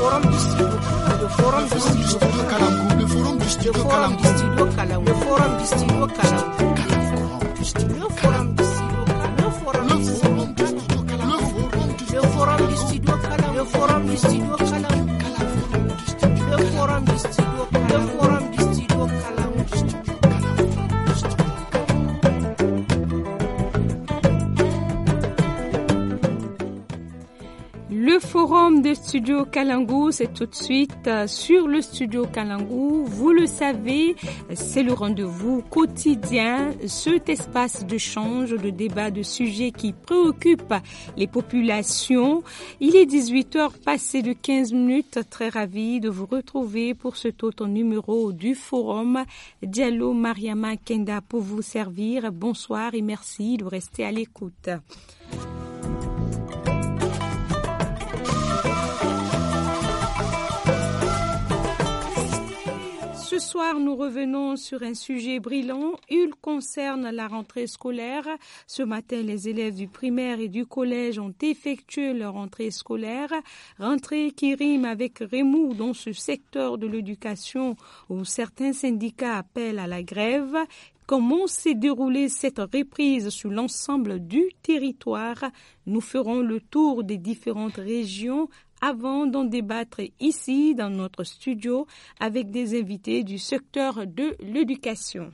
forum le forum du forum le forum du studio de Studio Kalangu, c'est tout de suite euh, sur le Studio Kalangu. Vous le savez, c'est le rendez-vous quotidien, cet espace de change, de débat, de sujets qui préoccupent les populations. Il est 18h passé de 15 minutes. Très ravi de vous retrouver pour cet autre numéro du forum. Diallo Mariama Kenda pour vous servir. Bonsoir et merci de rester à l'écoute. ce soir, nous revenons sur un sujet brillant. Il concerne la rentrée scolaire. Ce matin, les élèves du primaire et du collège ont effectué leur rentrée scolaire. Rentrée qui rime avec remous dans ce secteur de l'éducation où certains syndicats appellent à la grève comment s'est déroulée cette reprise sur l'ensemble du territoire. Nous ferons le tour des différentes régions avant d'en débattre ici dans notre studio avec des invités du secteur de l'éducation.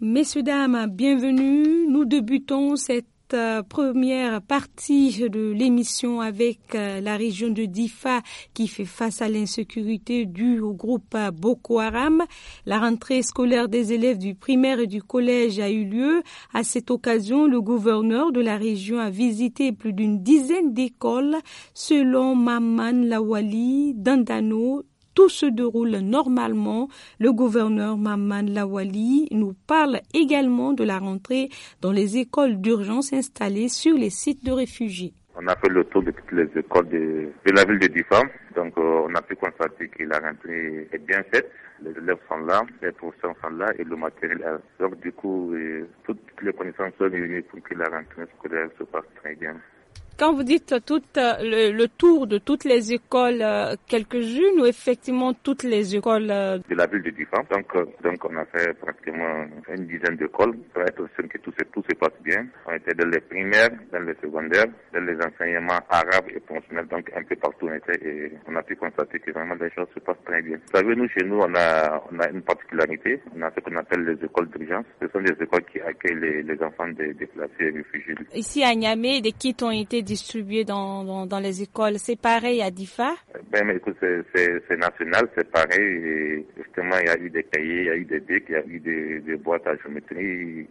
Messieurs, dames, bienvenue. Nous débutons cette euh, première partie de l'émission avec euh, la région de Difa qui fait face à l'insécurité due au groupe euh, Boko Haram. La rentrée scolaire des élèves du primaire et du collège a eu lieu. À cette occasion, le gouverneur de la région a visité plus d'une dizaine d'écoles selon Maman Lawali, Dandano, tout se déroule normalement. Le gouverneur Maman Lawali nous parle également de la rentrée dans les écoles d'urgence installées sur les sites de réfugiés. On a fait le tour de toutes les écoles de, la ville de Diffam. Donc, euh, on a pu constater que la rentrée est bien faite. Les élèves sont là, les professeurs sont là et le matériel est Donc, du coup, euh, toutes les connaissances sont réunies pour que la rentrée scolaire se passe très bien. Quand vous dites tout euh, le, tour de toutes les écoles, euh, quelques-unes ou effectivement toutes les écoles de euh, la ville de Diffa. Donc, donc on a fait pratiquement une dizaine d'écoles pour être sûr que tout se, tout se passe bien. On était dans les primaires, dans les secondaires, dans les enseignements arabes et fonctionnels, donc un peu partout on était et on a pu constater que vraiment les choses se passent très bien. Vous savez, nous chez nous on a on a une particularité, on a ce qu'on appelle les écoles d'urgence. Ce sont des écoles qui accueillent les, enfants des déplacés et réfugiés. Ici à Niamey, des kits ont été distribué dans, dans, les écoles. C'est pareil à DIFA Ben, mais c'est national, c'est pareil. justement, il y a eu des cahiers, il y a eu des bics, il y a eu des, boîtes à géométrie.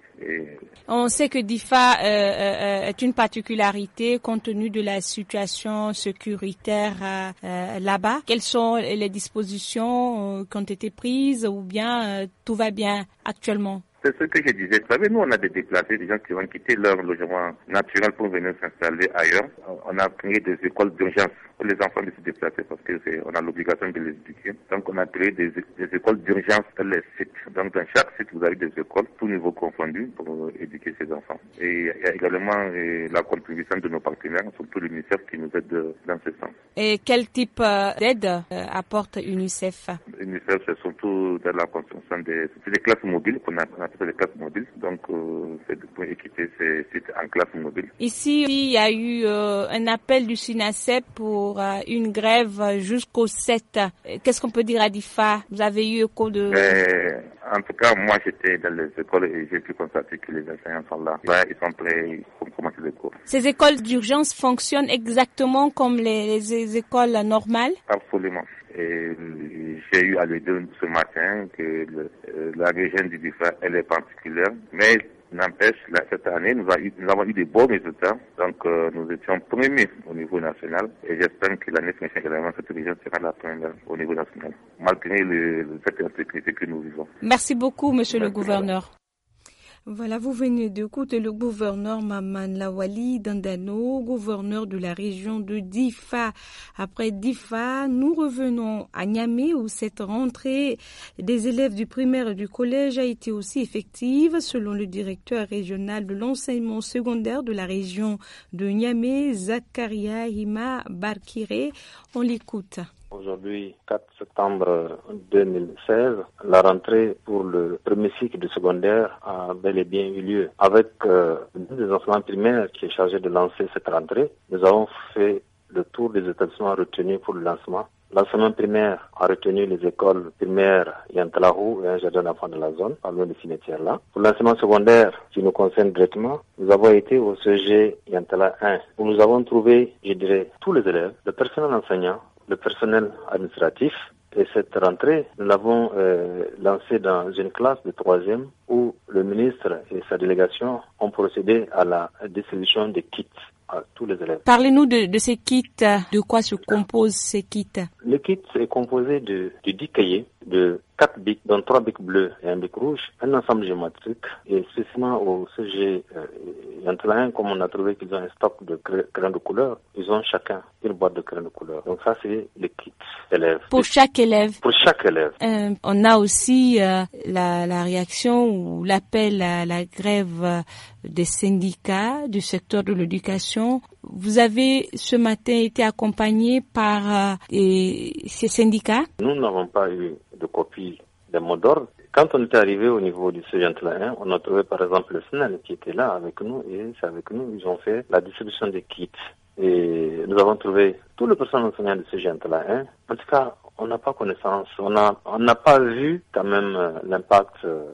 On sait que DIFA euh, euh, est une particularité compte tenu de la situation sécuritaire euh, là-bas. Quelles sont les dispositions qui ont été prises ou bien tout va bien actuellement c'est ce que je disais. Vous savez, nous, on a des déplacés, des gens qui vont quitter leur logement naturel pour venir s'installer ailleurs. On a créé des écoles d'urgence les enfants de se déplacer parce qu'on a l'obligation de les éduquer. Donc on a créé des, écoles d'urgence les sites. Donc dans chaque site, vous avez des écoles, tout niveau confondus, pour euh, éduquer ces enfants. Et il y a également euh, la contribution de nos partenaires, surtout l'UNICEF qui nous aide euh, dans ce sens. Et quel type d'aide apporte l'UNICEF L'UNICEF, c'est surtout dans la construction des, des classes mobiles, qu'on appelle les classes mobiles. Donc c'est pour équiper ces sites en classe mobile. Ici, il y a eu un appel du SINASEP pour euh, une grève jusqu'au 7. Qu'est-ce qu'on peut dire à DIFA Vous avez eu écho de... en tout cas, moi, j'étais dans les écoles et j'ai pu constater que les enseignants sont là. ils sont prêts pour commencer les cours. Ces écoles d'urgence fonctionnent exactement comme les, écoles normales Absolument. Et j'ai eu à le dire ce matin que euh, la région du DIFA, elle est particulière. Mais N'empêche, cette année, nous, avons eu des bons résultats. Donc, euh, nous étions premiers au niveau national. Et j'espère que l'année prochaine également, cette région sera la première au niveau national, malgré le, le que nous vivons. Merci beaucoup, monsieur le gouverneur. Voilà, vous venez d'écouter le gouverneur Maman Lawali Dandano, gouverneur de la région de Difa. Après Difa, nous revenons à Niamey où cette rentrée des élèves du primaire et du collège a été aussi effective selon le directeur régional de l'enseignement secondaire de la région de Niamey, Zakaria Hima Barkire. On l'écoute. Aujourd'hui, 4 septembre 2016, la rentrée pour le premier cycle du secondaire a bel et bien eu lieu. Avec le euh, des primaire qui est chargé de lancer cette rentrée, nous avons fait le tour des établissements retenus pour le lancement. L'enseignement primaire a retenu les écoles primaires Yantalahou et un jardin d'enfants de la zone, à loin du cimetière-là. Pour l'enseignement secondaire, qui nous concerne directement, nous avons été au CG Yantala 1, où nous avons trouvé, je dirais, tous les élèves, le personnel enseignant, le personnel administratif. Et cette rentrée, nous l'avons euh, lancée dans une classe de troisième où le ministre et sa délégation ont procédé à la distribution des kits à tous les élèves. Parlez-nous de, ces kits. De quoi se composent ces kits Le kit est composé de, de 10 cahiers de 4 bics, dont trois bics bleus et un bic rouge, un ensemble géométrique et justement, au CG euh, un, comme on a trouvé qu'ils ont un stock de crayons de couleur, ils ont chacun une boîte de crayons de couleur. Donc ça, c'est le kit élève. Pour chaque élève Pour chaque élève. Euh, on a aussi euh, la, la, réaction ou l'appel à la grève euh, des syndicats du secteur de l'éducation vous avez ce matin été accompagné par euh, ces syndicats Nous n'avons pas eu de copie des mots d'ordre. Quand on était arrivé au niveau du 1, on a trouvé par exemple le SNEL qui était là avec nous et c'est avec nous ils ont fait la distribution des kits. Et nous avons trouvé tout le personnel enseignant de Sugentlain. Hein. En tout cas, on n'a pas connaissance. On n'a pas vu quand même euh, l'impact euh,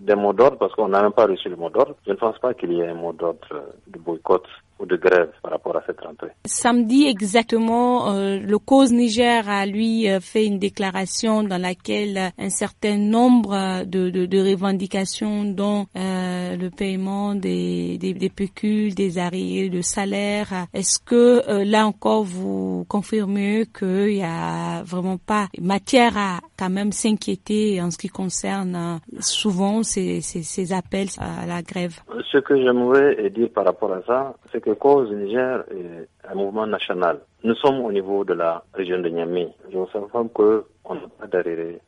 des mots d'ordre parce qu'on n'a même pas reçu le mot d'ordre. Je ne pense pas qu'il y ait un mot d'ordre de boycott de grève par rapport à cette rentrée. Samedi exactement, euh, le Cause Niger a lui euh, fait une déclaration dans laquelle un certain nombre de, revendications, dont euh, le paiement des, des, des pécules, des arriérés de salaire, est-ce que là encore vous confirmez qu'il n'y a vraiment pas matière à quand même s'inquiéter en ce qui concerne souvent ces appels à la grève Ce que j'aimerais dire par rapport à ça, c'est que que cause du Niger est un mouvement national. Nous sommes au niveau de la région de Niamey. Je vous informe qu'on n'a pas d'arrêt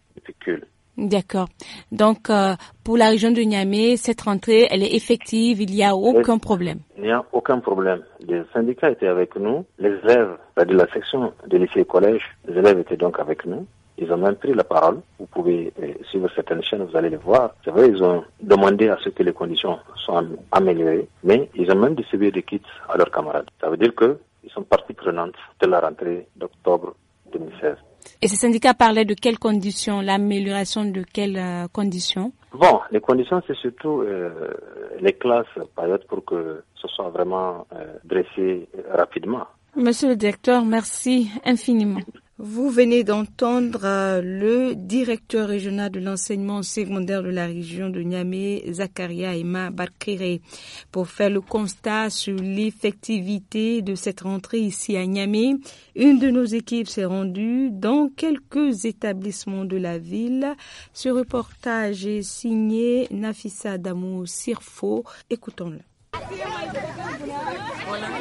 D'accord. Donc, euh, pour la région de Niamey, cette rentrée, elle est effective, il n'y a aucun problème. Il n'y a aucun problème. Les syndicats étaient avec nous, les élèves, bah, de la section de lycée et collège, les élèves étaient donc avec nous. Ils ont même pris la parole. Vous pouvez euh, suivre certaines chaînes, vous allez les voir. C'est vrai, ils ont demandé à ce que les conditions soient améliorées, mais ils ont même distribué des kits à leurs camarades. Ça veut dire qu'ils sont partie prenante de la rentrée d'octobre 2016. Et ces syndicats parlaient de quelles conditions, l'amélioration de quelles euh, conditions Bon, les conditions, c'est surtout euh, les classes, par pour que ce soit vraiment dressé rapidement. Monsieur le directeur, merci infiniment. Vous venez d'entendre euh, le directeur régional de l'enseignement secondaire de la région de Niamey, Zakaria Emma Barkiré, pour faire le constat sur l'effectivité de cette rentrée ici à Niamey. Une de nos équipes s'est rendue dans quelques établissements de la ville. Ce reportage est signé Nafissa Damou Sirfo. Écoutons-le.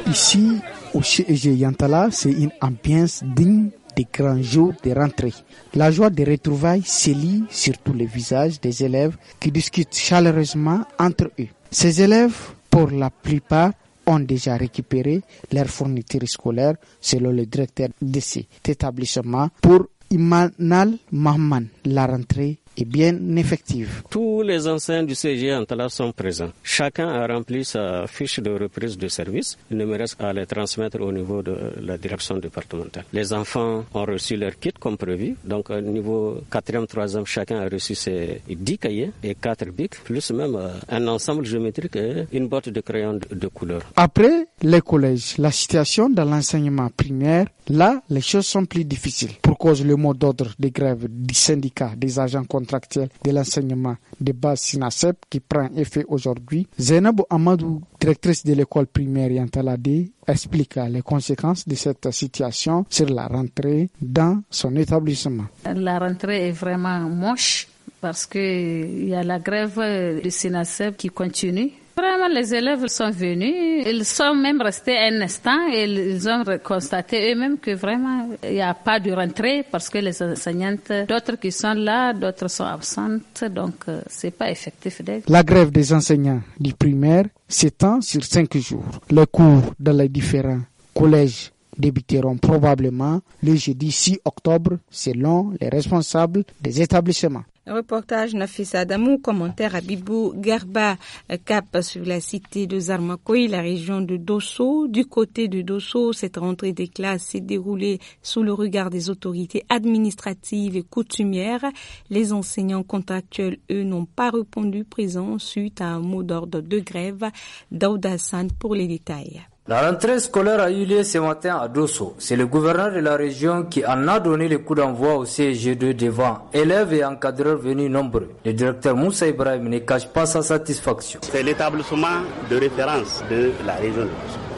Ici, au CEG Yantala, c'est une ambiance digne des grands jours de rentrée. La joie des retrouvailles s'élit sur tous les visages des élèves qui discutent chaleureusement entre eux. Ces élèves, pour la plupart, ont déjà récupéré leurs fournitures scolaires selon le directeur de cet établissement pour Imanal Mahman. La rentrée et bien effective. Tous les enseignants du CG sont présents. Chacun a rempli sa fiche de reprise de service. Il ne me reste qu'à les transmettre au niveau de la direction départementale. Les enfants ont reçu leur kit comme prévu. Donc, au euh, niveau 4e, 3e, chacun a reçu ses 10 cahiers et 4 bics, plus même euh, un ensemble géométrique et une boîte de crayons de couleur. Après les collèges, la situation dans l'enseignement primaire, là, les choses sont plus difficiles. Pour cause le mot d'ordre des grèves, des syndicats, des agents contractuelle de l'enseignement de base SINASEP qui prend effet aujourd'hui. Zainabou Amadou, directrice de l'école primaire Yantalade, explique les conséquences de cette situation sur la rentrée dans son établissement. La rentrée est vraiment moche parce qu'il y a la grève de SINASEP qui continue Vraiment, les élèves sont venus. Ils sont même restés un instant et ils ont constaté eux-mêmes que vraiment, il n'y a pas de rentrée parce que les enseignantes, d'autres qui sont là, d'autres sont absentes. Donc, euh, c'est pas effectif. La grève des enseignants du primaire s'étend sur cinq jours. Les cours dans les différents collèges débuteront probablement le jeudi 6 octobre selon les responsables des établissements. Reportage Nafisa Adamou, commentaire à Bibou Garba, euh, cap sur la cité de Zarmakoui, la région de Dosso. Du côté de Dosso, cette rentrée des classes s'est déroulée sous le regard des autorités administratives et coutumières. Les enseignants contractuels, eux, n'ont pas répondu présent suite à un mot d'ordre de grève d'Audassane pour les détails. La rentrée scolaire a eu lieu ce matin à Dosso. C'est le gouverneur de la région qui en a donné le coup d'envoi au cg 2 devant élèves et encadreurs venus nombreux. Le directeur Moussa Ibrahim ne cache pas sa satisfaction. C'est l'établissement de référence de la région de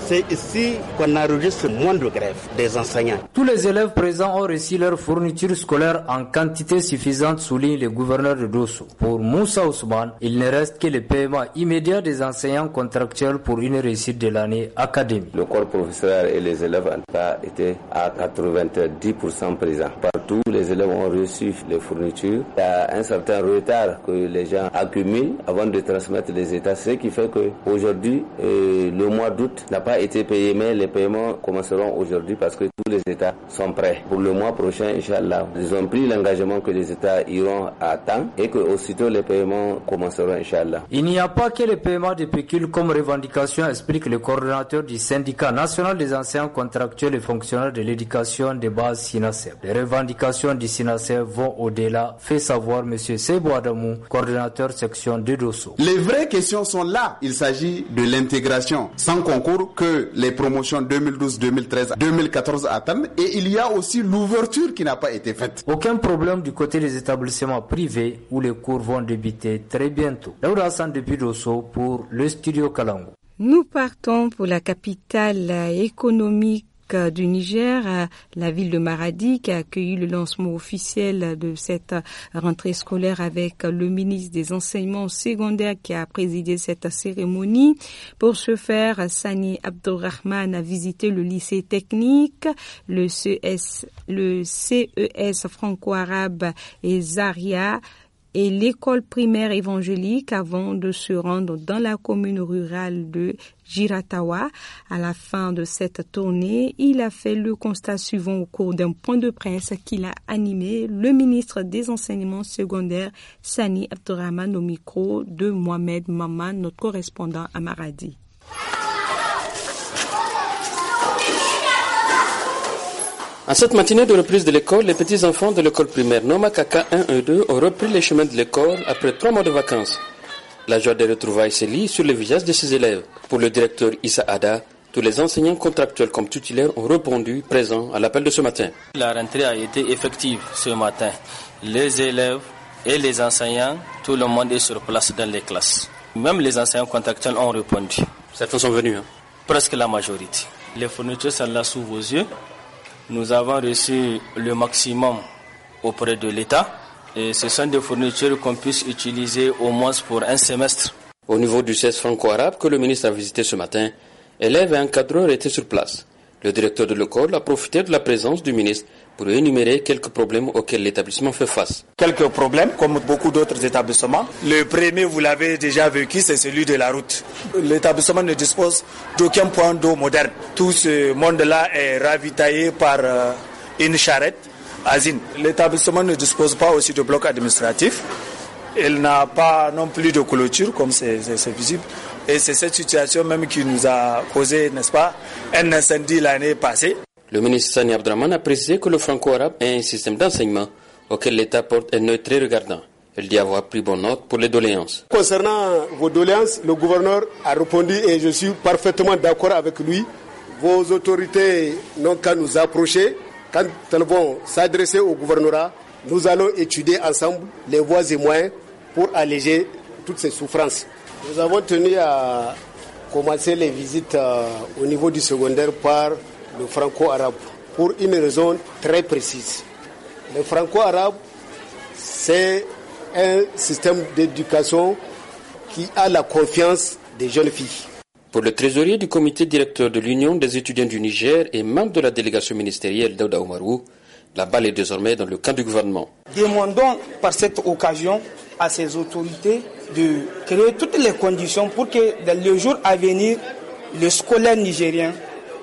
c'est ici qu'on a enregistre moins de grève des enseignants. Tous les élèves présents ont reçu leur fourniture scolaire en quantité suffisante, souligne le gouverneur de Dosso. Pour Moussa Ousmane, il ne reste que le paiement immédiat des enseignants contractuels pour une réussite de l'année académique. Le corps professionnel et les élèves ont été à 90% présents. Partout, les élèves ont reçu les fournitures. Il y a un certain retard que les gens accumulent avant de transmettre les états, ce qui fait qu'aujourd'hui, aujourd'hui, euh, le mois d'août n'a pas été payé, mais les paiements commenceront aujourd'hui parce que tous les États sont prêts. Pour le mois prochain, Inch'Allah, ils ont pris l'engagement que les États iront à temps et que aussitôt les paiements commenceront, Inch'Allah. Il n'y a pas que les paiements de pécule comme revendication, explique le coordinateur du syndicat national des anciens contractuels et fonctionnaires de l'éducation des bases SINASEP. Les revendications du SINASEP vont au-delà, fait savoir M. Sebo Adamou, coordinateur section de Dosso. Les vraies questions sont là. Il s'agit de l'intégration sans concours que les promotions 2012, 2013, 2014 à attendent. Et il y a aussi l'ouverture qui n'a pas été faite. Aucun problème du côté des établissements privés où les cours vont débuter très bientôt. Laura pour le studio Kalango. Nous partons pour la capitale économique euh, du Niger, euh, la ville de Maradi qui a accueilli le lancement officiel de cette rentrée scolaire avec le ministre des enseignements secondaires qui a présidé cette cérémonie. Pour ce faire, Sani Abdurrahman a visité le lycée technique, le CES, le CES franco-arabe et Zaria et l'école primaire évangélique avant de se rendre dans la commune rurale de Giratawa. À la fin de cette tournée, il a fait le constat suivant au cours d'un point de presse qu'il a animé le ministre des enseignements secondaires Sani Abdurrahman au micro de Mohamed Maman, notre correspondant à Maradi. En cette matinée de reprise de l'école, les petits-enfants de l'école primaire Nomakaka 1 et 2 ont repris les chemins de l'école après trois mois de vacances. La joie des retrouvailles se lit sur le visage de ses élèves. Pour le directeur Issa Ada, tous les enseignants contractuels comme titulaires ont répondu présents à l'appel de ce matin. La rentrée a été effective ce matin. Les élèves et les enseignants, tout le monde est sur place dans les classes. Même les enseignants contractuels ont répondu. Certains sont venus. Hein. Presque la majorité. Les fournitures sont là sous vos yeux nous avons reçu le maximum auprès de l'État. Et ce sont des fournitures qu'on puisse utiliser au moins pour un semestre. Au niveau du 16 franco-arabe que le ministre a visité ce matin, élèves et encadreurs étaient sur place. Le directeur de l'école a profité de la présence du ministre pour énumérer quelques problèmes auxquels l'établissement fait face. Quelques problèmes, comme beaucoup d'autres établissements. Le premier, vous l'avez déjà vécu, c'est celui de la route. L'établissement ne dispose d'aucun point d'eau moderne. Tout ce monde-là est ravitaillé par euh, une charrette, asine. L'établissement ne dispose pas aussi de blocs administratifs. Il n'a pas non plus de clôture, comme c'est visible. Et c'est cette situation même qui nous a causé, n'est-ce pas, un incendie l'année passée. Le ministre Sani Abdraman a précisé que le franco-arabe est un système d'enseignement auquel l'État porte un œil très regardant. Il dit avoir pris bonne note pour les doléances. Concernant vos doléances, le gouverneur a répondu et je suis parfaitement d'accord avec lui. Vos autorités n'ont qu'à nous approcher. Quand elles vont s'adresser au gouvernorat, nous allons étudier ensemble les voies et moyens pour alléger toutes ces souffrances. Nous avons tenu à commencer les visites euh, au niveau du secondaire par le franco-arabe pour une raison très précise. Le franco-arabe, c'est un système d'éducation qui a la confiance des jeunes filles. Pour le trésorier du comité directeur de l'Union des étudiants du Niger et membre de la délégation ministérielle dauda Omarou, la balle est désormais dans le camp du gouvernement. Demandons par cette occasion à ces autorités de créer toutes les conditions pour que dans le jours à venir, le scolaire nigérien,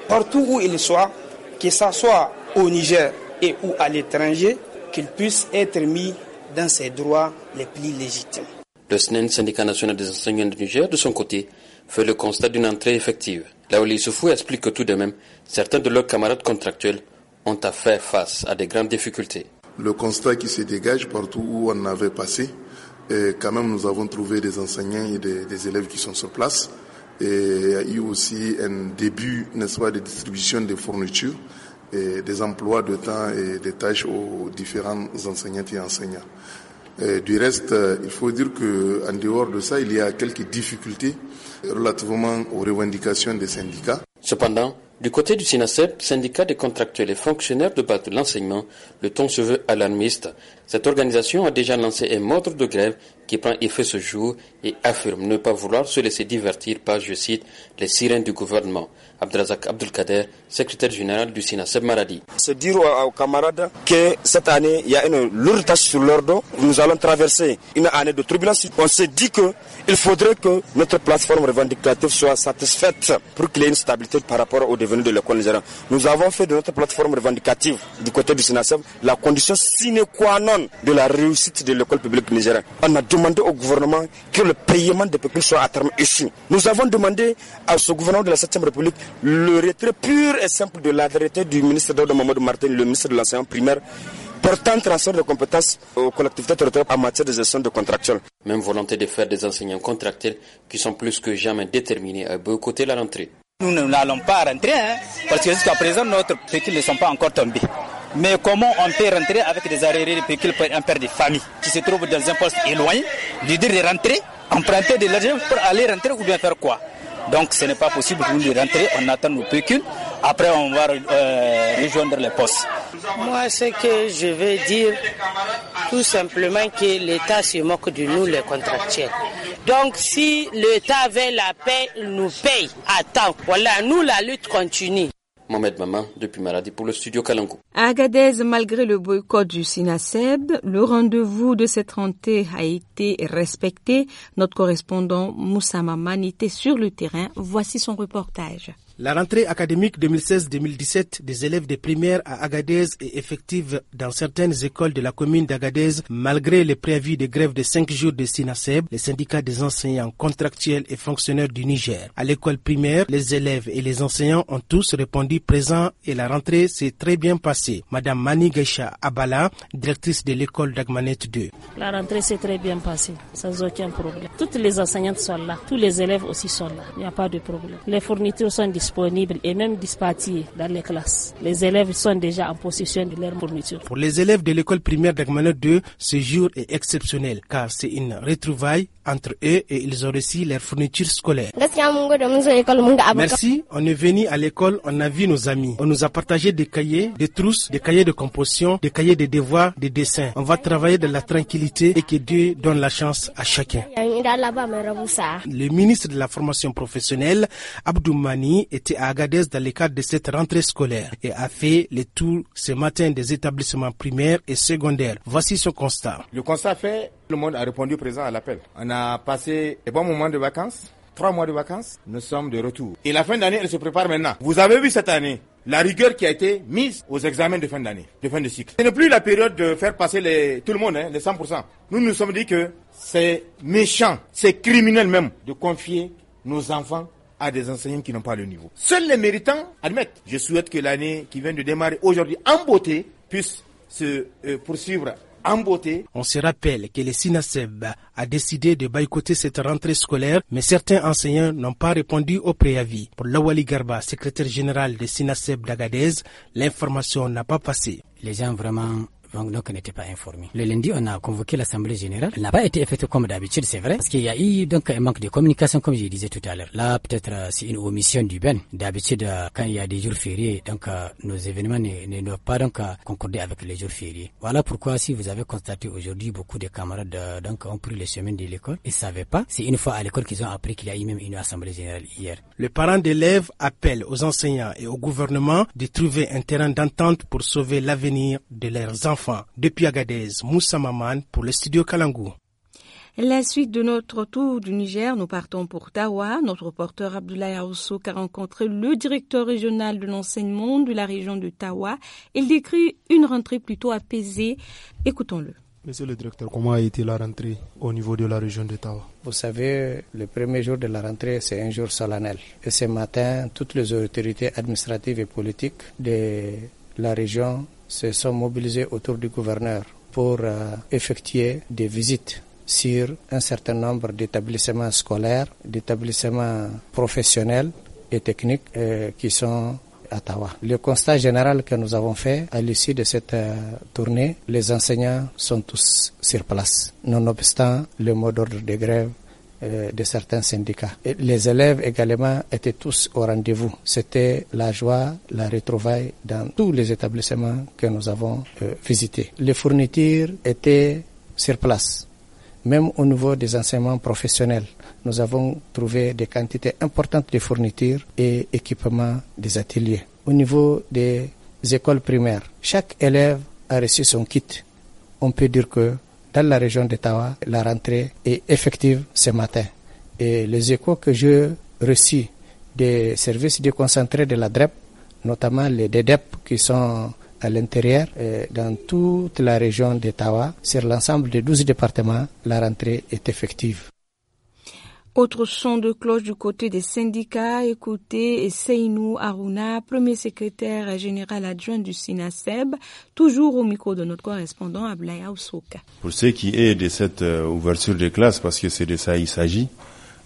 partout où il soit, que ce soit au Niger et ou à l'étranger, qu'il puisse être mis dans ses droits les plus légitimes. Le SNEN, e syndicat national des enseignants du de Niger, de son côté, fait le constat d'une entrée effective. Laoli Soufou explique que tout de même, certains de leurs camarades contractuels ont à faire face à des grandes difficultés. Le constat qui se dégage partout où on avait passé, quand même, nous avons trouvé des enseignants et des, élèves qui sont sur place. Et il y a eu aussi un début, n'est-ce pas, de distribution des fournitures et des emplois de temps et des tâches aux différents enseignantes et enseignants. du reste, euh, il faut dire que en dehors de ça, il y a quelques difficultés relativement aux revendications des syndicats. Cependant, du côté du SINASEP, syndicat des contractuels et fonctionnaires de base de l'enseignement, le ton se veut alarmiste. Cette organisation a déjà lancé un mode de grève qui prend effet ce jour et affirme ne pas vouloir se laisser divertir par, je cite, les sirènes du gouvernement. Abdelazak Abdelkader, secrétaire général du SINASEP Maradi. se dire aux camarades que cette année, il y a une lourde tâche sur leur dos. Nous allons traverser une année de turbulence. On s'est dit qu'il faudrait que notre plateforme revendicative soit satisfaite pour qu'il une stabilité par rapport au développement de l'école Nous avons fait de notre plateforme revendicative du côté du SINASEB la condition sine qua non de la réussite de l'école publique nigérienne. On a demandé au gouvernement que le paiement des peuples soit à terme issu. Nous avons demandé à ce gouvernement de la 7e République le retrait pur et simple de la l'arrêté du ministre de Martin, le ministre de l'enseignement primaire, portant transfert de compétences aux collectivités territoriales en matière de gestion de contractuels. Même volonté de faire des enseignants contractuels qui sont plus que jamais déterminés à boycotter la rentrée. Nous n'allons pas rentrer, hein, parce que jusqu'à présent, notre pécule ne sont pas encore tombés. Mais comment on peut rentrer avec des arriérés de pour un père de famille qui se trouve dans un poste éloigné, lui dire de rentrer, emprunter de l'argent pour aller rentrer ou bien faire quoi donc ce n'est pas possible pour nous de rentrer, on attend nos véhicules, après on va euh, rejoindre les postes. Moi ce que je veux dire, tout simplement que l'État se moque de nous les contractuels. Donc si l'État veut la paix, il nous paye Attends, Voilà, nous, la lutte continue. Mohamed Maman, depuis Maradi pour le studio Kalango. À Agadez, malgré le boycott du SINASEB, le rendez-vous de cette rentrée a été respecté. Notre correspondant Moussa Maman était sur le terrain. Voici son reportage. La rentrée académique 2016-2017 des élèves des primaires à Agadez est effective dans certaines écoles de la commune d'Agadez malgré les préavis de grève de 5 jours de SINASEB, le syndicat des enseignants contractuels et fonctionnaires du Niger. À l'école primaire, les élèves et les enseignants ont tous répondu présents et la rentrée s'est très bien passée. Madame Mani Geisha Abala, directrice de l'école d'Agmanet 2. La rentrée s'est très bien passée, sans aucun problème. Toutes les enseignantes sont là, tous les élèves aussi sont là, il n'y a pas de problème. Les fournitures sont disponibles disponibles et même dispatchés dans les classes. Les élèves sont déjà en possession de leurs fournitures. Pour les élèves de l'école primaire d'Agmano 2, ce jour est exceptionnel car c'est une retrouvaille entre eux et ils ont reçu leur fourniture scolaires. Merci, on est venu à l'école, on a vu nos amis. On nous a partagé des cahiers, des trousses, des cahiers de composition, des cahiers de devoirs, des dessins. On va travailler dans la tranquillité et que Dieu donne la chance à chacun. Le ministre de la formation professionnelle, Abdoumani, était à Agadez dans le cadre de cette rentrée scolaire et a fait le tour ce matin des établissements primaires et secondaires. Voici ce constat. Le constat fait, tout le monde a répondu présent à l'appel. On a passé un bon moment de vacances. Trois mois de vacances, nous sommes de retour. Et la fin d'année, elle se prépare maintenant. Vous avez vu cette année, la rigueur qui a été mise aux examens de fin d'année, de fin de cycle. Ce n'est plus la période de faire passer les, tout le monde, hein, les 100%. Nous nous sommes dit que c'est méchant, c'est criminel même de confier nos enfants à des enseignants qui n'ont pas le niveau. Seuls les méritants admettent. Je souhaite que l'année qui vient de démarrer aujourd'hui en beauté puisse se euh, poursuivre en beauté. On se rappelle que le SINASEB a décidé de boycotter cette rentrée scolaire, mais certains enseignants n'ont pas répondu au préavis. Pour Lawali Garba, secrétaire général de SINASEB d'Agadez, l'information n'a pas passé. Les gens vraiment donc n'était pas informé Le lundi, on a convoqué l'Assemblée générale. Elle n'a pas été faite comme d'habitude, c'est vrai, parce qu'il y a eu donc un manque de communication, comme je disais tout à l'heure. Là, peut-être euh, c'est une omission du Ben. D'habitude, euh, quand il y a des jours fériés, donc euh, nos événements ne, ne doivent pas donc concorder avec les jours fériés. Voilà pourquoi, si vous avez constaté aujourd'hui, beaucoup de camarades donc ont pris les semaines de l'école. Ils savaient pas. C'est une fois à l'école qu'ils ont appris qu'il y a eu même une Assemblée générale hier. Les parents d'élèves appellent aux enseignants et au gouvernement de trouver un terrain d'entente pour sauver l'avenir de leurs enfants. Enfin, Depuis Agadez, Moussa Maman pour le studio La suite de notre tour du Niger, nous partons pour Tawa. Notre reporter Abdoulaye Aoussouk a rencontré le directeur régional de l'enseignement de la région de Tawa. Il décrit une rentrée plutôt apaisée. Écoutons-le. Monsieur le directeur, comment a été la rentrée au niveau de la région de Tawa Vous savez, le premier jour de la rentrée, c'est un jour solennel. Et ce matin, toutes les autorités administratives et politiques de la région se sont mobilisés autour du gouverneur pour euh, effectuer des visites sur un certain nombre d'établissements scolaires, d'établissements professionnels et techniques euh, qui sont à Tawa. Le constat général que nous avons fait à l'issue de cette euh, tournée, les enseignants sont tous sur place, nonobstant le mot d'ordre de grève euh, de certains syndicats. les élèves également étaient tous au rendez-vous. C'était la joie, la retrouvaille dans tous les établissements que nous avons euh, visités. Les fournitures étaient sur place. Même au niveau des enseignements professionnels, nous avons trouvé des quantités importantes de fournitures et équipements des ateliers. Au niveau des écoles primaires, chaque élève a reçu son kit. On peut dire que dans la région d'Ottawa, la rentrée est effective ce matin. Et les échos que je reçus des services déconcentrés de la DREP, notamment les DDEP qui sont à l'intérieur, dans toute la région d'Ottawa, sur l'ensemble des 12 départements, la rentrée est effective. Autre son de cloche du côté des syndicats, écoutez Seinou Aruna, premier secrétaire général adjoint du SINASEB, toujours au micro de notre correspondant Ablaya Pour ce qui est de cette euh, ouverture de classe, parce que c'est de ça il s'agit,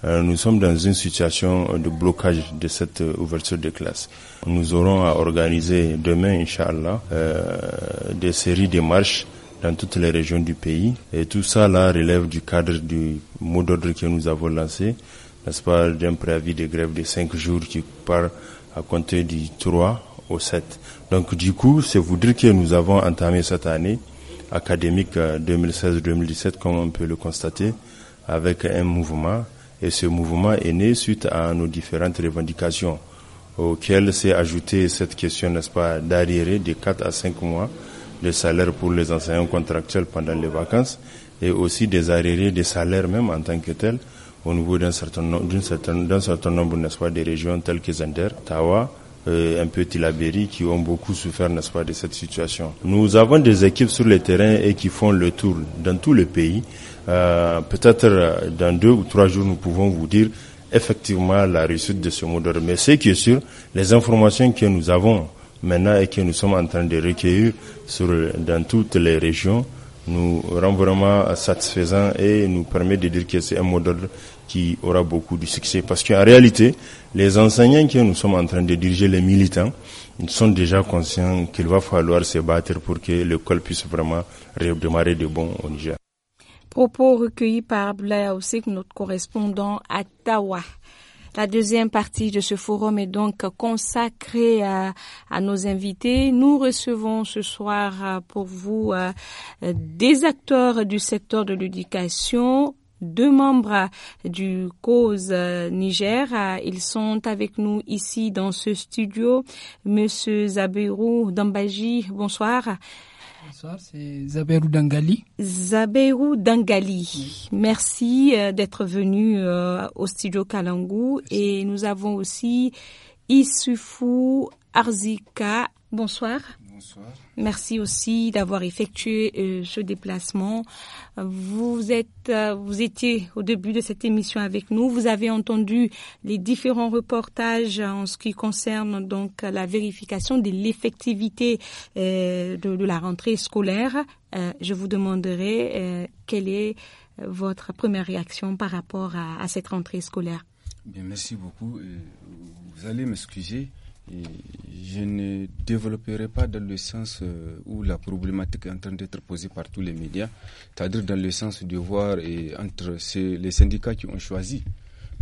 euh, nous sommes dans une situation de blocage de cette euh, ouverture de classe. Nous aurons à organiser demain, Inch'Allah, des séries de marches dans toutes les régions du pays. Et tout ça là relève du cadre du mot d'ordre que nous avons lancé, n'est-ce pas, d'un préavis de grève de 5 jours qui part à compter du 3 au 7. Donc du coup, c'est vous dire que nous avons entamé cette année académique 2016-2017, euh, comme on peut le constater, avec un mouvement. Et ce mouvement est né suite à nos différentes revendications, auxquelles s'est ajoutée cette question, n'est-ce pas, d'arriéré de 4 à 5 mois des salaires pour les enseignants contractuels pendant les vacances et aussi des arriérés des salaires même en tant que tels au niveau d'un certain, d'un certain, nombre, n'est-ce pas, des régions telles que Zender, Tawa, euh, un peu Tilaberi qui ont beaucoup souffert, n'est-ce pas, de cette situation. Nous avons des équipes sur le terrain et qui font le tour dans tout le pays. Euh, Peut-être euh, dans deux ou trois jours, nous pouvons vous dire effectivement la réussite de ce mot Mais c'est que sur les informations que nous avons maintenant et que nous sommes en train de recueillir sur, dans toutes les régions, nous rend vraiment satisfaisant et nous permet de dire que c'est un modèle qui aura beaucoup de succès. Parce qu'en réalité, les enseignants que nous sommes en train de diriger, les militants, ils sont déjà conscients qu'il va falloir se battre pour que l'école puisse vraiment redémarrer de bon au Niger. Propos recueillis par Abdoulaye notre correspondant à Tawa. La deuxième partie de ce forum est donc consacrée à, nos invités. Nous recevons ce soir euh, pour vous euh, des acteurs du secteur de l'éducation deux membres du Cause euh, Niger. Ils sont avec nous ici dans ce studio. Monsieur Zabirou Dambaji, bonsoir. Bonsoir, c'est Zaberu Dangali. Zaberou Dangali, merci euh, d'être venu euh, au studio Kalangu et nous avons aussi Issoufou Arzika. Bonsoir. Merci aussi d'avoir effectué euh, ce déplacement. Vous êtes, euh, vous étiez au début de cette émission avec nous. Vous avez entendu les différents reportages en ce qui concerne donc la vérification de l'effectivité euh, de, la rentrée scolaire. je vous demanderai quelle est votre première réaction par rapport à, cette rentrée scolaire. merci beaucoup. Vous allez m'excuser je ne développerai pas dans le sens euh, où la problématique est en train d'être posée par tous les médias, c'est-à-dire dans le sens de voir et entre les syndicats qui ont choisi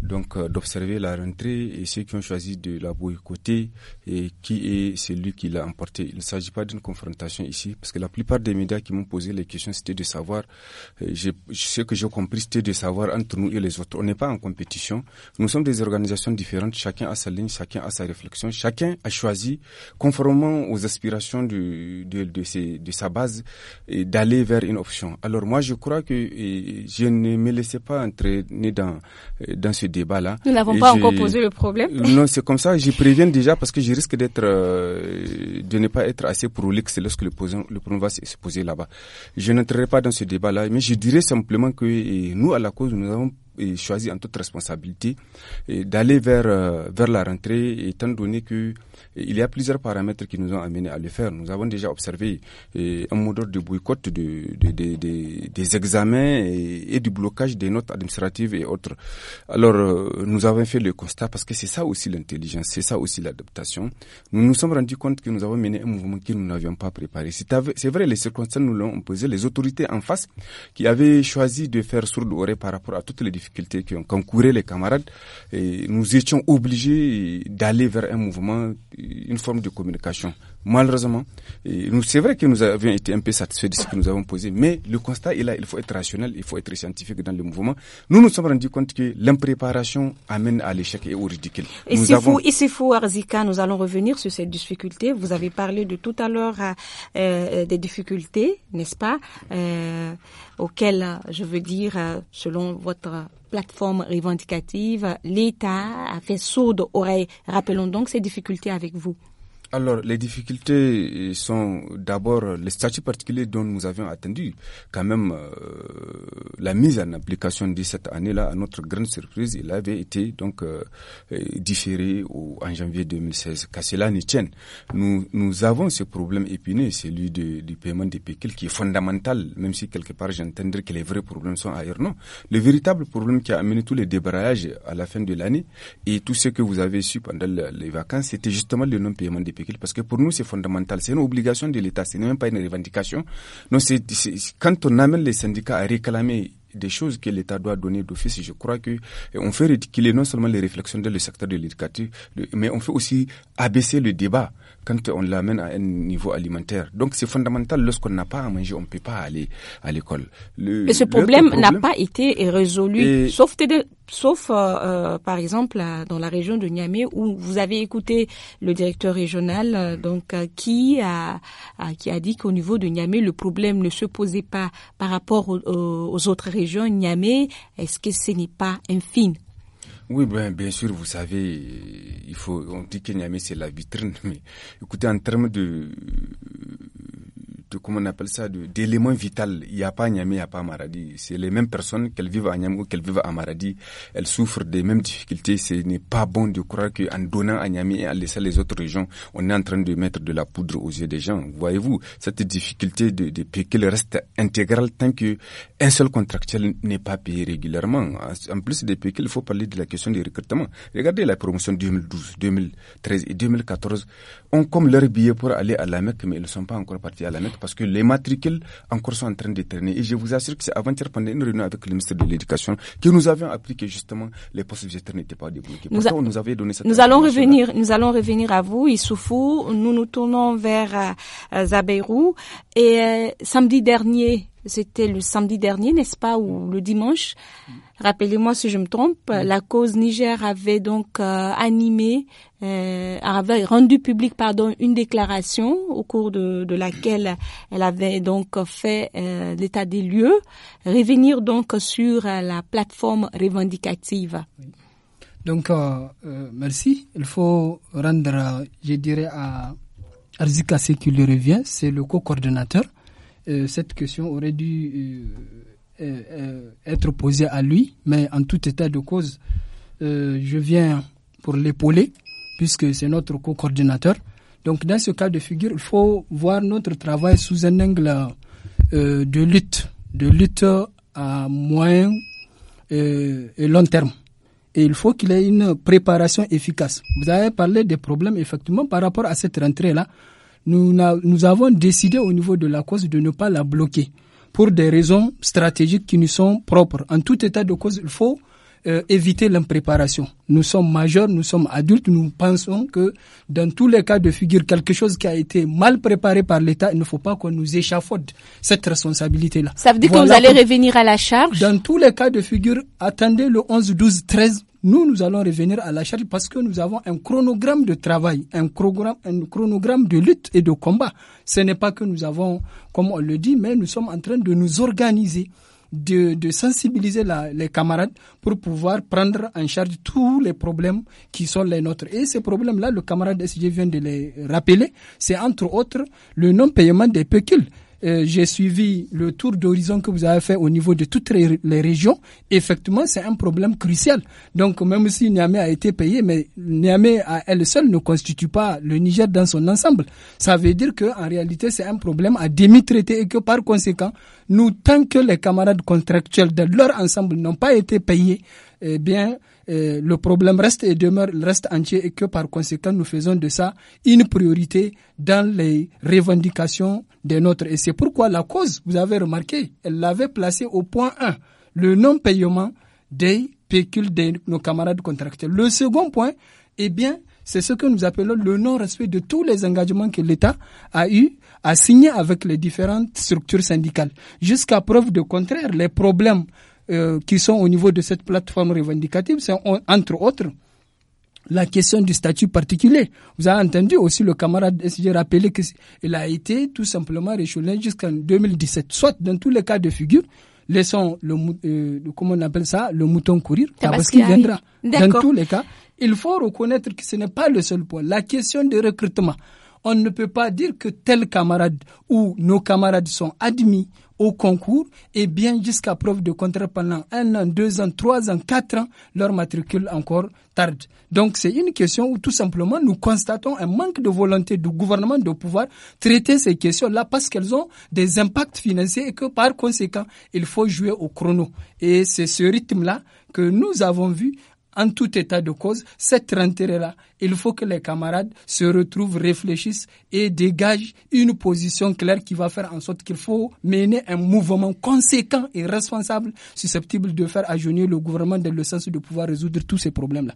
donc euh, d'observer la rentrée et ceux qui ont choisi de la boycotter et qui est celui qui l'a emporté. Il ne s'agit pas d'une confrontation ici parce que la plupart des médias qui m'ont posé les questions c'était de savoir, euh, je, ce que j'ai compris c'était de savoir entre nous et les autres. On n'est pas en compétition. Nous sommes des organisations différentes, chacun a sa ligne, chacun a sa réflexion, chacun a choisi conformément aux aspirations de, de, de, sa base d'aller vers une option. Alors moi je crois que je ne me laissais pas entraîner dans, euh, dans ce débat-là. Nous n'avons pas encore posé le problème. Non, c'est comme ça. J'y préviens déjà parce que je risque d'être, euh, de ne pas être assez prolixe lorsque le, le problème va se poser là-bas. Je n'entrerai pas dans ce débat-là, mais je dirais simplement que nous, à la cause, nous avons et choisi en toute responsabilité d'aller vers euh, vers la rentrée, étant donné que il y a plusieurs paramètres qui nous ont amenés à le faire. Nous avons déjà observé un mode de boycott de, des examens et, du blocage des notes administratives et autres. Alors, euh, nous avons fait le constat parce que c'est ça aussi l'intelligence, c'est ça aussi l'adaptation. Nous nous sommes rendus compte que nous avons mené un mouvement que nous n'avions pas préparé. C'est vrai, les circonstances nous l'ont imposé, les autorités en face qui avaient choisi de faire sourd oreille par rapport à toutes les difficultés difficultés qui ont concouru les camarades, et nous étions obligés d'aller vers un mouvement, une forme de communication malheureusement, c'est vrai que nous avions été un peu satisfaits de ce que nous avons posé, mais le constat est là, il faut être rationnel, il faut être scientifique dans le mouvement. Nous nous sommes rendus compte que l'impréparation amène à l'échec et au ridicule. Et c'est fou, et fou, Arzika, nous allons revenir sur cette difficulté. Vous avez parlé de tout à l'heure euh, euh, des difficultés, n'est-ce pas, euh, auxquelles, je veux dire, selon votre plateforme revendicative, l'État a fait sourde oreille. Rappelons donc ces difficultés avec vous. Alors, les difficultés euh, sont d'abord les statuts particuliers dont nous avions attendu quand même euh, la mise en application de cette année-là, à notre grande surprise, il avait été donc euh, différé au, en janvier 2016. Qu'à cela nous, nous avons ce problème épineux, celui du paiement des péquilles qui est fondamental, même si quelque part j'entendrai que les vrais problèmes sont ailleurs. Non, le véritable problème qui a amené tous les débrayages à la fin de l'année et tout ce que vous avez su pendant les vacances, c'était justement le non-paiement des parce que pour nous, c'est fondamental. C'est une obligation de l'État. Ce n'est même pas une revendication. Non, quand on amène les syndicats à réclamer des choses que l'État doit donner d'office, je crois que eh, on fait ridiculer non seulement les réflexions dans le secteur de l'éducation, mais on fait aussi abaisser le débat quand on l'amène à un niveau alimentaire. Donc c'est fondamental. Lorsqu'on n'a pas à manger, on ne peut pas aller à l'école. Mais ce problème n'a pas été résolu, sauf, sauf euh, euh, par exemple dans la région de Niamey où vous avez écouté le directeur régional, euh, donc qui a qui a dit qu'au niveau de Niamey le problème ne se posait pas par rapport aux, autres régions. Niamey, est-ce que ce n'est pas infime oui, ben, bien sûr, vous savez, il faut, on dit que Niamey c'est la vitrine, mais écoutez, en termes de, comment on appelle ça, d'éléments vitaux. Il n'y a pas Niamey, il n'y a pas Maradi. C'est les mêmes personnes, qu'elles vivent à Niamey ou qu'elles vivent à Maradi, elles souffrent des mêmes difficultés. Ce n'est pas bon de croire qu'en donnant à Niamey et en laissant les autres régions, on est en train de mettre de la poudre aux yeux des gens. Voyez-vous, cette difficulté de, de payer qu'elle reste intégral tant que un seul contractuel n'est pas payé régulièrement. En plus des pays il faut parler de la question du recrutement. Regardez la promotion 2012, 2013 et 2014 ont comme leur billet pour aller à la Mecque, mais ils ne sont pas encore partis à la Mecque parce que les matricules encore sont en train de Et je vous assure que c'est avant-hier, pendant une réunion avec le ministre de l'Éducation, que nous avions appris que justement les postes budgétaires n'étaient pas débloqués. Nous, donné nous allons revenir, nous allons revenir à vous, Issoufou. Nous nous tournons vers euh, Zabeirou. Et euh, samedi dernier, c'était le samedi dernier, n'est-ce pas, ou le dimanche, Rappelez-moi si je me trompe, la cause Niger avait donc euh, animé, euh, avait rendu publique pardon une déclaration au cours de, laquelle elle avait donc fait euh, l'état des lieux, revenir donc sur la plateforme revendicative. Donc merci. Il faut rendre, je dirais à Arzika ce qui lui revient, c'est le co coordinateur cette question aurait dû euh, euh, être opposé à lui, mais en tout état de cause, euh, je viens pour l'épauler, puisque c'est notre co-coordinateur. Donc dans ce cas de figure, il faut voir notre travail sous un angle de lutte, de lutte à moyen et long terme. Et il faut qu'il ait une préparation efficace. Vous avez parlé des problèmes, effectivement, par rapport à cette rentrée-là. Nous, nous avons décidé au niveau de la cause de ne pas la bloquer pour des raisons stratégiques qui nous sont propres. En tout état de cause, il faut euh, éviter l'impréparation. Nous sommes majeurs, nous sommes adultes, nous pensons que dans tous les cas de figure, quelque chose qui a été mal préparé par l'État, il ne faut pas qu'on nous échafaude cette responsabilité-là. Ça veut dire que vous allez revenir à la charge Dans tous les cas de figure, attendez le 11, 12, 13 nous, nous allons revenir à la charge parce que nous avons un chronogramme de travail, un chronogramme, un chronogramme de lutte et de combat. Ce n'est pas que nous avons, comme on le dit, mais nous sommes en train de nous organiser. De, sensibiliser les camarades pour pouvoir prendre en charge tous les problèmes qui sont les nôtres. Et ces problèmes-là, le camarade SG vient de les rappeler, c'est entre autres le non-paiement des pécules. Euh, j'ai suivi le tour d'horizon que vous avez fait au niveau de toutes les, régions. Effectivement, c'est un problème crucial. Donc, même si Niamey a été payé, mais Niamey à elle seule ne constitue pas le Niger dans son ensemble. Ça veut dire qu'en réalité, c'est un problème à demi traité et que par conséquent, nous, tant que les camarades contractuels de leur ensemble n'ont pas été payés, eh bien, euh, le problème reste et demeure, reste entier et que par conséquent, nous faisons de ça une priorité dans les revendications des nôtres. Et c'est pourquoi la cause, vous avez remarqué, elle l'avait placée au point 1, le non-paiement des pécules de nos camarades contractuels. Le second point, eh bien, c'est ce que nous appelons le non-respect de tous les engagements que l'État a eu à signer avec les différentes structures syndicales. Jusqu'à preuve de contraire, les problèmes euh, qui sont au niveau de cette plateforme revendicative, c'est entre autres la question du statut particulier. Vous avez entendu aussi le camarade SG rappeler qu'il a été tout simplement échoué jusqu'en 2017. Soit dans tous les cas de figure, laissons le, euh, comment on appelle ça, le mouton courir, parce qu'il viendra. Dans tous les cas, il faut reconnaître que ce n'est pas le seul point. La question de recrutement. On ne peut pas dire que tel camarade ou nos camarades sont admis au concours et bien jusqu'à preuve de contraire pendant un an, deux ans, trois ans, quatre ans, leur matricule encore tarde. Donc c'est une question où tout simplement nous constatons un manque de volonté du gouvernement de pouvoir traiter ces questions-là parce qu'elles ont des impacts financiers et que par conséquent, il faut jouer au chrono. Et c'est ce rythme-là que nous avons vu en tout état de cause, cet intérêt-là, il faut que les camarades se retrouvent, réfléchissent et dégagent une position claire qui va faire en sorte qu'il faut mener un mouvement conséquent et responsable susceptible de faire agenouiller le gouvernement dans le sens de pouvoir résoudre tous ces problèmes-là.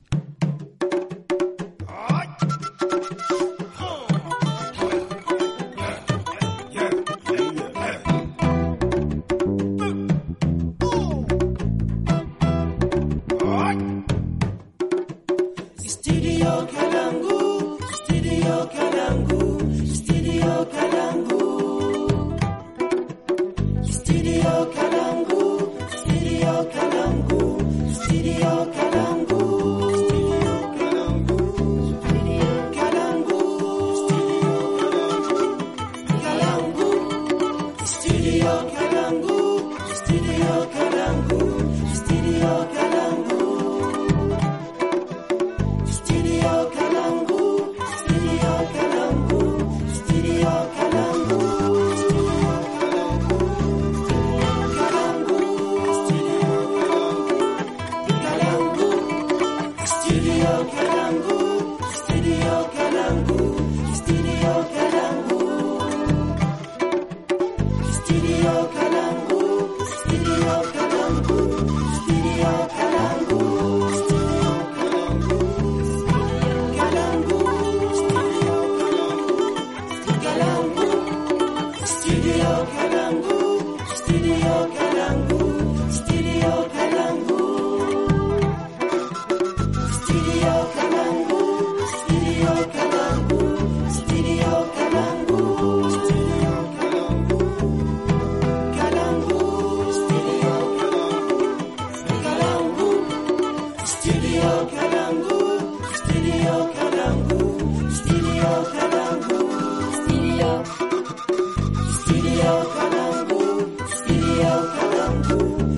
you.